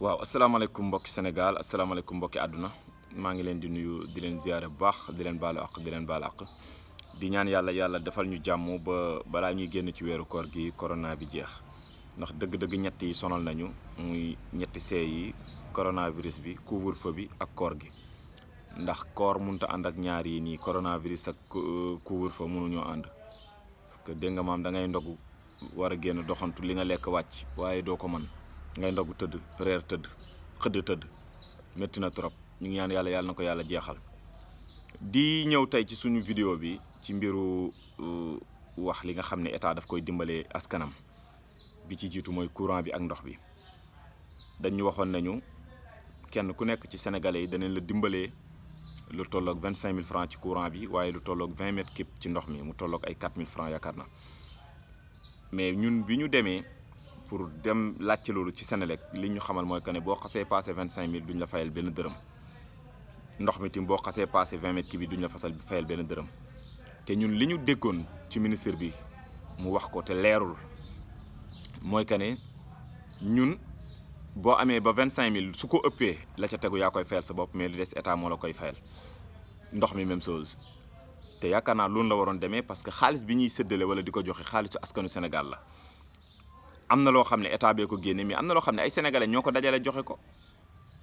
waaw asalaamaaleykum mbokki Sénégal asalaamaaleykum mbokki Aduna. maa ngi leen di nuyu di leen ziyaare bu baax di leen baalu àq di leen baalu àq di ñaan yàlla yàlla defal ñu jàmm ba balaa ñuy génn ci weeru koor gi corona bi jeex ndax dëgg-dëgg ñett yi sonal nañu muy ñetti see yi coronavirus bi couvre-feu bi ak koor gi ndax koor mënut a ànd ak ñaar yi nii coronavirus ak euh, couvre-feu mënuñoo ànd parce que dégg maam da ngay ndogu war a génn doxantu li nga lekk wàcc waaye doo ko ngay ndogu tëdd reer tëdd xëdd tëdd métti na trop ñu ngi ñaan yàlla yàlla na ko yàlla jeexal di ñëw tey ci suñu vidéo bi ci mbiru wax li nga xam ne état daf koy dimbalee askanam bi ci jiitu mooy courant bi ak ndox bi dañu waxoon nañu kenn ku nekk ci sénégalais yi danañ la dimbalee lu tolloog vingt cinq mille francs ci courant bi waaye lu tolloog vingt mètres képp ci ndox mi mu tolloog ay quatre mille francs yaakaar na mais ñun bi ñu demee. pour dem laajte loolu ci Senelec li ñu xamal mooy que ne boo xasee passé vingt cinq mille duñ la fayal benn dërëm ndox mi tim boo xasee passé vingt mètres bi duñ la fasal fayal benn dërëm te ñun li ñu déggoon ci ministre bi mu wax ko te leerul mooy que ne ñun boo amee ba vingt cinq mille su ko ëppee la ca tegu yaa koy fayal sa bopp mais li des état moo la koy fayal ndox mi même chose te yaakaar naa loolu la waroon demee parce que xaalis bi ñuy séddale wala di ko joxe xaalisu askanu Sénégal amna lo xamne état bi ko guéné mi amna lo xamne ay sénégalais ñoko dajale joxe ko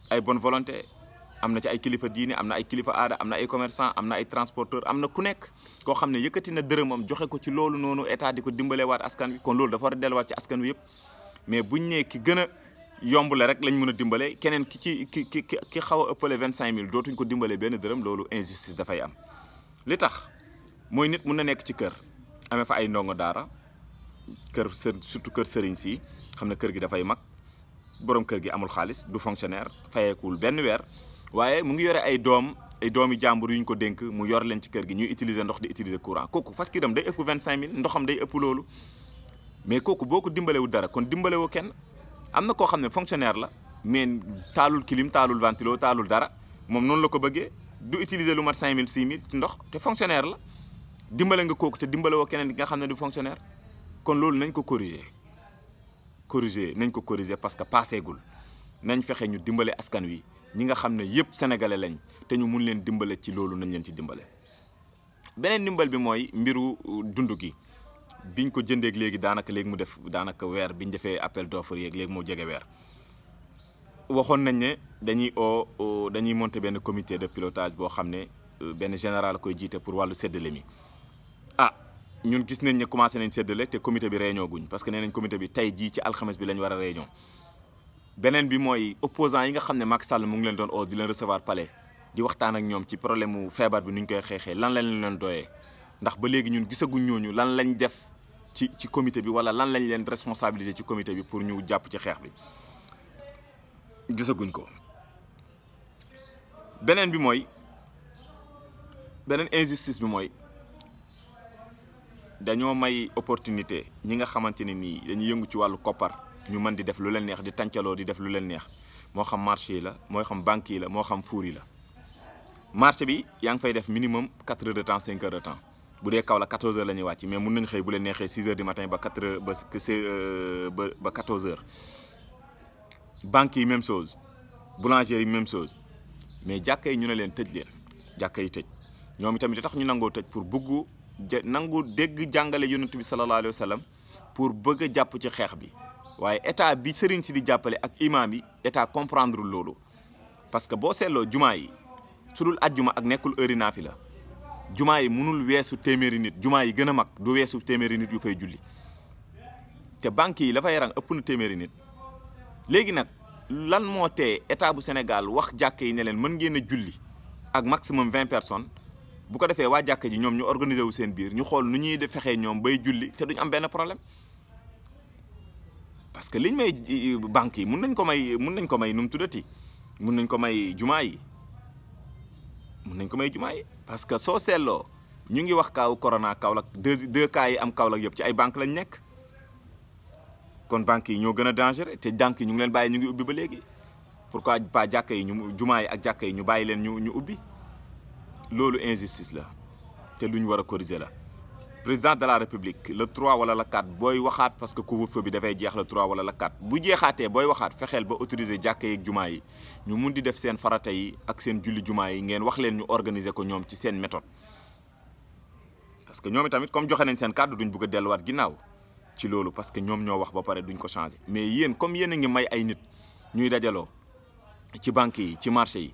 ay bonne volonté amna ci ay kilifa diine amna ay kilifa aada amna ay commerçants amna ay transporteurs amna ku nekk ko xamne yëkëti yëkkati na dërëmam joxe ko ci loolu nonu état diko dimbalé waat askan wi kon loolu dafa wara a delluwaat ci askan wi yëpp mais buñ ne ki gëna a yomb la rek lañ mëna dimbale kenen ki ci ki ki ki ëppale 25000 dootuñ ko dimbale benn dërëm loolu injustice da fay am li tax moy nit mëna nekk ci kër amé fa ay ndongo dara kër surtout kër sëriñ si xam kër gi dafay mag borom kër gi amul xaalis du fonctionnaire fayeekuwul benn weer waaye mu ngi yore ay doom ay doomi jàmbur yu ko dénk mu yor leen ci kër gi ñuy utiliser ndox di utiliser courant kooku facture am day ëpp vingt ndoxam day ëpp loolu mais kooku boo ko dimbalewul dara kon dimbalewoo kenn am na koo fonctionnaire la mais taalul clim taalul ventilo taalul dara moom noonu la ko bëggee du utiliser lu mat cinq mille ndox te fonctionnaire la dimbale nga kooku te dimbale woo keneen nga xam du fonctionnaire kon loolu nañ ko corriger corriger nañ ko corriger parce que paaseegul nañ fexe ñu dimbale askan wi ñi nga xam ne yëpp sénégalais lañ te ñu mun leen dimbale ci loolu nañ leen ci dimbale. beneen ndimbal bi mooy mbiru euh, dund gi biñ ko jëndee léegi daanaka léegi mu def daanaka weer biñ defee appel d'offre yeeg léegi moo jege weer. waxoon nañ ne dañuy oo dañuy monter benn comité de pilotage boo xam ne euh, benn général koy jiite pour wàllu séddale mi ah, ñun gis nañ ne commencé nañ séddale te comité bi réunion guñ parce que nee nañ comité bi tey jii ci alxames bi lañ war a réunion beneen bi mooy opposant yi nga xam ne mag Sall mu ngi leen doon oo di leen recevoir palais di waxtaan ak ñoom ci problème mu feebar bi nu koy xeexee lan lañ leen doyee ndax ba léegi ñun gisaguñ ñooñu lan lañ def ci ci comité bi wala lan lañ leen responsabiliser ci comité bi pour ñu jàpp ci xeex bi gisaguñ ko beneen bi mooy beneen injustice bi mooy. dañoo may opportunité ñi nga xamante ne nii dañuy yëngu ci wàllu ñu mën di def lu leen neex di tàncaloo di def lu leen neex moo xam marché yi la moo xam banque la moo xam fuur la marché bi yang fay def minimum 4 heures de temps 5 heures de temps bu kaw la 14 heures la ñuy wàcc mais mun nañ xëy bu leen neexee 6 heures du matin ba 4 heures ba euh, ba ba 14 heures banque yi même chose boulanger yi même chose mais jàkka ñu ne leen tëj leen jàkka yi tëj tax ñu pour nangu dégg jàngale yonent bi sallallahu alayhi wa pour bëgg a jàpp ci xeex bi waaye état bi sëriñ si di jàppale ak imaam yi état comprendre loolu parce que boo seeloo jumaa yi su dul ajjuma ak nekkul heure naafi la jumaa yi mënul weesu téeméeri nit jumaa yi gën a mag du weesu téeméeri nit yu fay julli te banques yi la fay ëpp na téeméeri nit léegi nag lan moo tee état bu Sénégal wax jàkk yi ne leen mën ngeen a julli ak maximum vingt personnes bu ko defee waa jàkka ji ñoom ñu organiser wu seen biir ñu xool nu ñuy fexe ñoom bay julli te duñ am benn problème parce que liñ may banque yi mun nañ ko may mun nañ ko may nu mu tuddati mun nañ ko may jumaa yi mun nañ ko may jumaa yi parce que soo seetloo ñu ngi wax kaaw corona Kaolack deux deux cas yi am Kaolack yëpp ci ay banque lañ nekk kon banques yi ñoo gën a dangereux te banques ñu ngi leen bàyyi ñu ngi ubbi ba pour pourquoi pas jàkka yi ñu jumaa yi ak jàkka yi ñu bàyyi leen ñu ñu ubbi loolu injustice la te lu ñu war a corriger la président de la république le trois wala le 4 booy waxaat parce que couvre-feu bi dafay jeex le trois wala le 4 bu jeexaatee booy waxaat fexeel ba autoriser jàkka yeeg jumaa yi ñu mun di def seen farata yi ak seen julli jumaa yi ngeen wax leen ñu organiser ko ñoom ci seen méthode. parce que ñoom tamit comme joxe nañ seen kàddu duñ bëgg delluwaat ginnaaw ci loolu parce que ñoom ñoo wax ba pare duñ ko changer mais yéen comme yéen a ngi may ay nit ñuy dajaloo ci banque yi ci marché yi.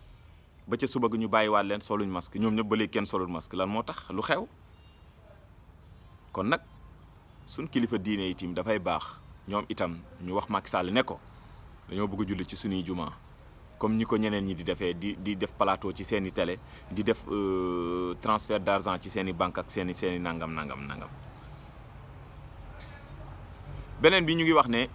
ba ca suba gi ñu bàyyiwaat leen soluñ masque ñoom ñëpp ba léegi kenn solul masque lan moo tax lu xew kon nag suñ kilifa diine yi tim dafay baax ñoom itam ñu wax Macky Sall ne ko dañoo bëgg julli ci suñuy jumaa comme ñi ko ñeneen ñi di defee di di def plateau ci seen i télé di def euh, transfert d'argent ci seen i banque ak seen i seen i nangam nangam nangam beneen bi ñu ngi wax ne.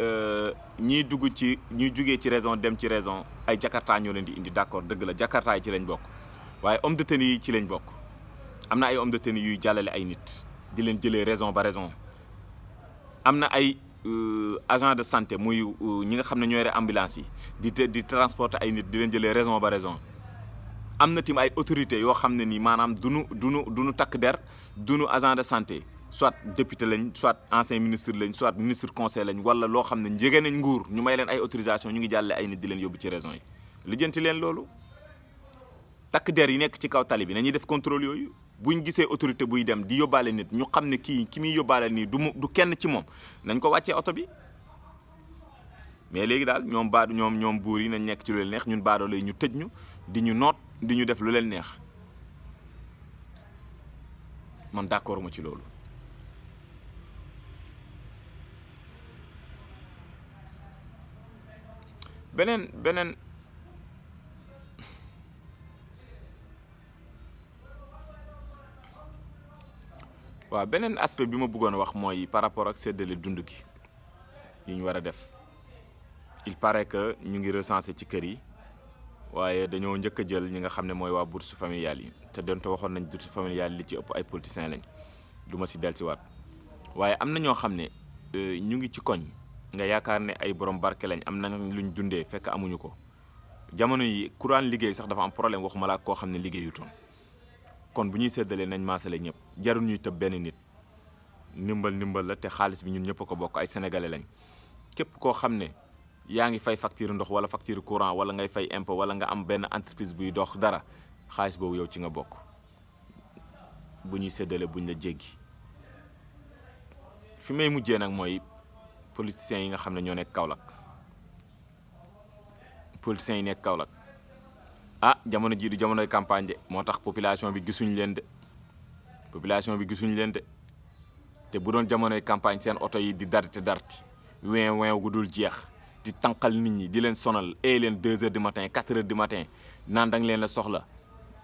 Euh, ñiy dugg ci ñuy jugee ci raison dem ci raison ay jakarta ñoo leen di indi d'accord dëgg la jakarta ci lañ bokk waaye homme de tenue yi ci lañ bokk am na ay homme de yuy jàllale ay nit di leen jëlee raison ba raison am na ay euh, agent de santé muy euh, ñi nga xam ne ñoo yore yi di di transporter ay nit di leen jëlee raison ba am na tim ay autorités yoo xam ne nii maanaam du nu du du nu takk der du nu agent de santé soit député lañ soit ancien ministre lañ soit ministre conseil lañ wala loo xam ne njege nañ nguur ñu may leen ay autorisation ñu ngi jàlle ay nit di leen yóbbu ci raison yi lijjanti leen loolu takk der yi nekk ci kaw tali bi nañuy def contrôle yooyu buñ gisee autorité buy dem di yóbbaale nit ñu xam ne kii ki muy yóbbaale nii du du kenn ci moom nañ ko wàccee oto bi mais léegi daal ñoom baadu ñoom ñoom buur yi nañ nekk ci lu leen neex ñun baadoo lay ñu tëj ñu di ñu noot di ñu def lu leen neex man d'accord ma ci loolu beneen beneen waaw beneen aspect bi ma bëggoon wax mooy par rapport ak séddale dund gi yi ñu war a def il paraît que ñu ngi recensé ci kër yi waaye dañoo njëkk jël ñi nga xam ne mooy waa si familiale yi te donte waxoon nañ bourse familiale li ci ëpp ay politiciens lañ du ma si dellusiwaat waaye am na ñoo xam ne euh, ñu ngi ci koñ. nga yaakaar ne ay borom barke lañ am na luñ dundee fekk amuñu ko jamono yi kuraan liggéey sax dafa am problème waxuma laa ko xam ne liggéeyutoon kon bu ñuy séddalee nañ maasale ñëpp jarul ñuy tëb benn nit ndimbal ndimbal la te xaalis bi ñun ñëpp ko bokk ay sénégalais lañ képp koo xam ne yaa ngi fay facture ndox wala facture courant wala ngay fay impôt wala nga am benn entreprise buy dox dara xaalis boobu yow ci nga bokk bu ñuy séddale buñ la jéggi fi may mujjee nag mooy. politiciens yi nga xamné ñoo nek Kaolack politiciens yi Kaolack ah jamono ji du jamono campagne de motax population bi gisuñ leen de population bi gisuñ leen de te bu doon jamono campagne seen auto yi di darti darti win win gudul jeex di tankal nit ñi di leen sonal ee eh leen deux heures du matin quatre heures du matin nan dang nga leen la soxla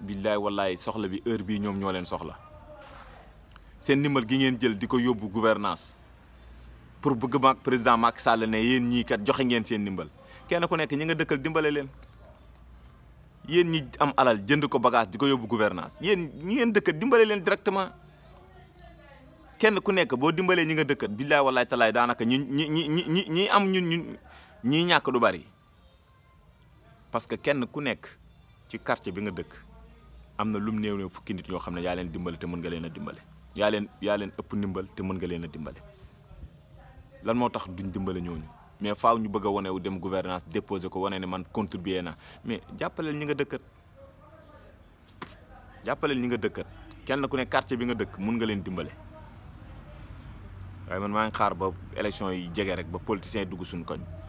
billahi wallahi soxla bi heure bi ñom ñoo leen soxla seen nimbal gi ngeen jël diko yobbu gouvernance pour bëgg maak président Macky Sall ne yéen ñii kat joxe ngeen seen ndimbal kenn ku nekk ñi nga dëkkal dimbale leen ñi am alal jënd ko bagage di ko yóbbu gouvernance yéen ñi ngeen dëkkal dimbale leen directement kenn ku nekk boo dimbalee ñi nga dëkkat billaay wallaay talaay daanaka ñi ñi ñi ñi ñi am ñun ñun ñii ñàkk du bari parce que kenn ku nekk ci quartier bi nga dëkk am na lum néew ne fukki nit ñoo xam ne yaa leen dimbale te mën nga leen a dimbale yaa leen yaa leen ëpp ndimbal te mën nga leen a dimbale lan moo tax duñ dimbale ñooñu mais faaw ñu bëgg a wane wu dem gouvernance déposé ko wane ne man contribuer naa mais jàppaleel ñi nga dëkkat jàppaleel ñi nga dëkkat kenn ku ne quartier bi nga dëkk mun nga leen dimbale waaye man maa ngi xaar ba élection yi jege rek ba politiciens yi dugg suñ koñ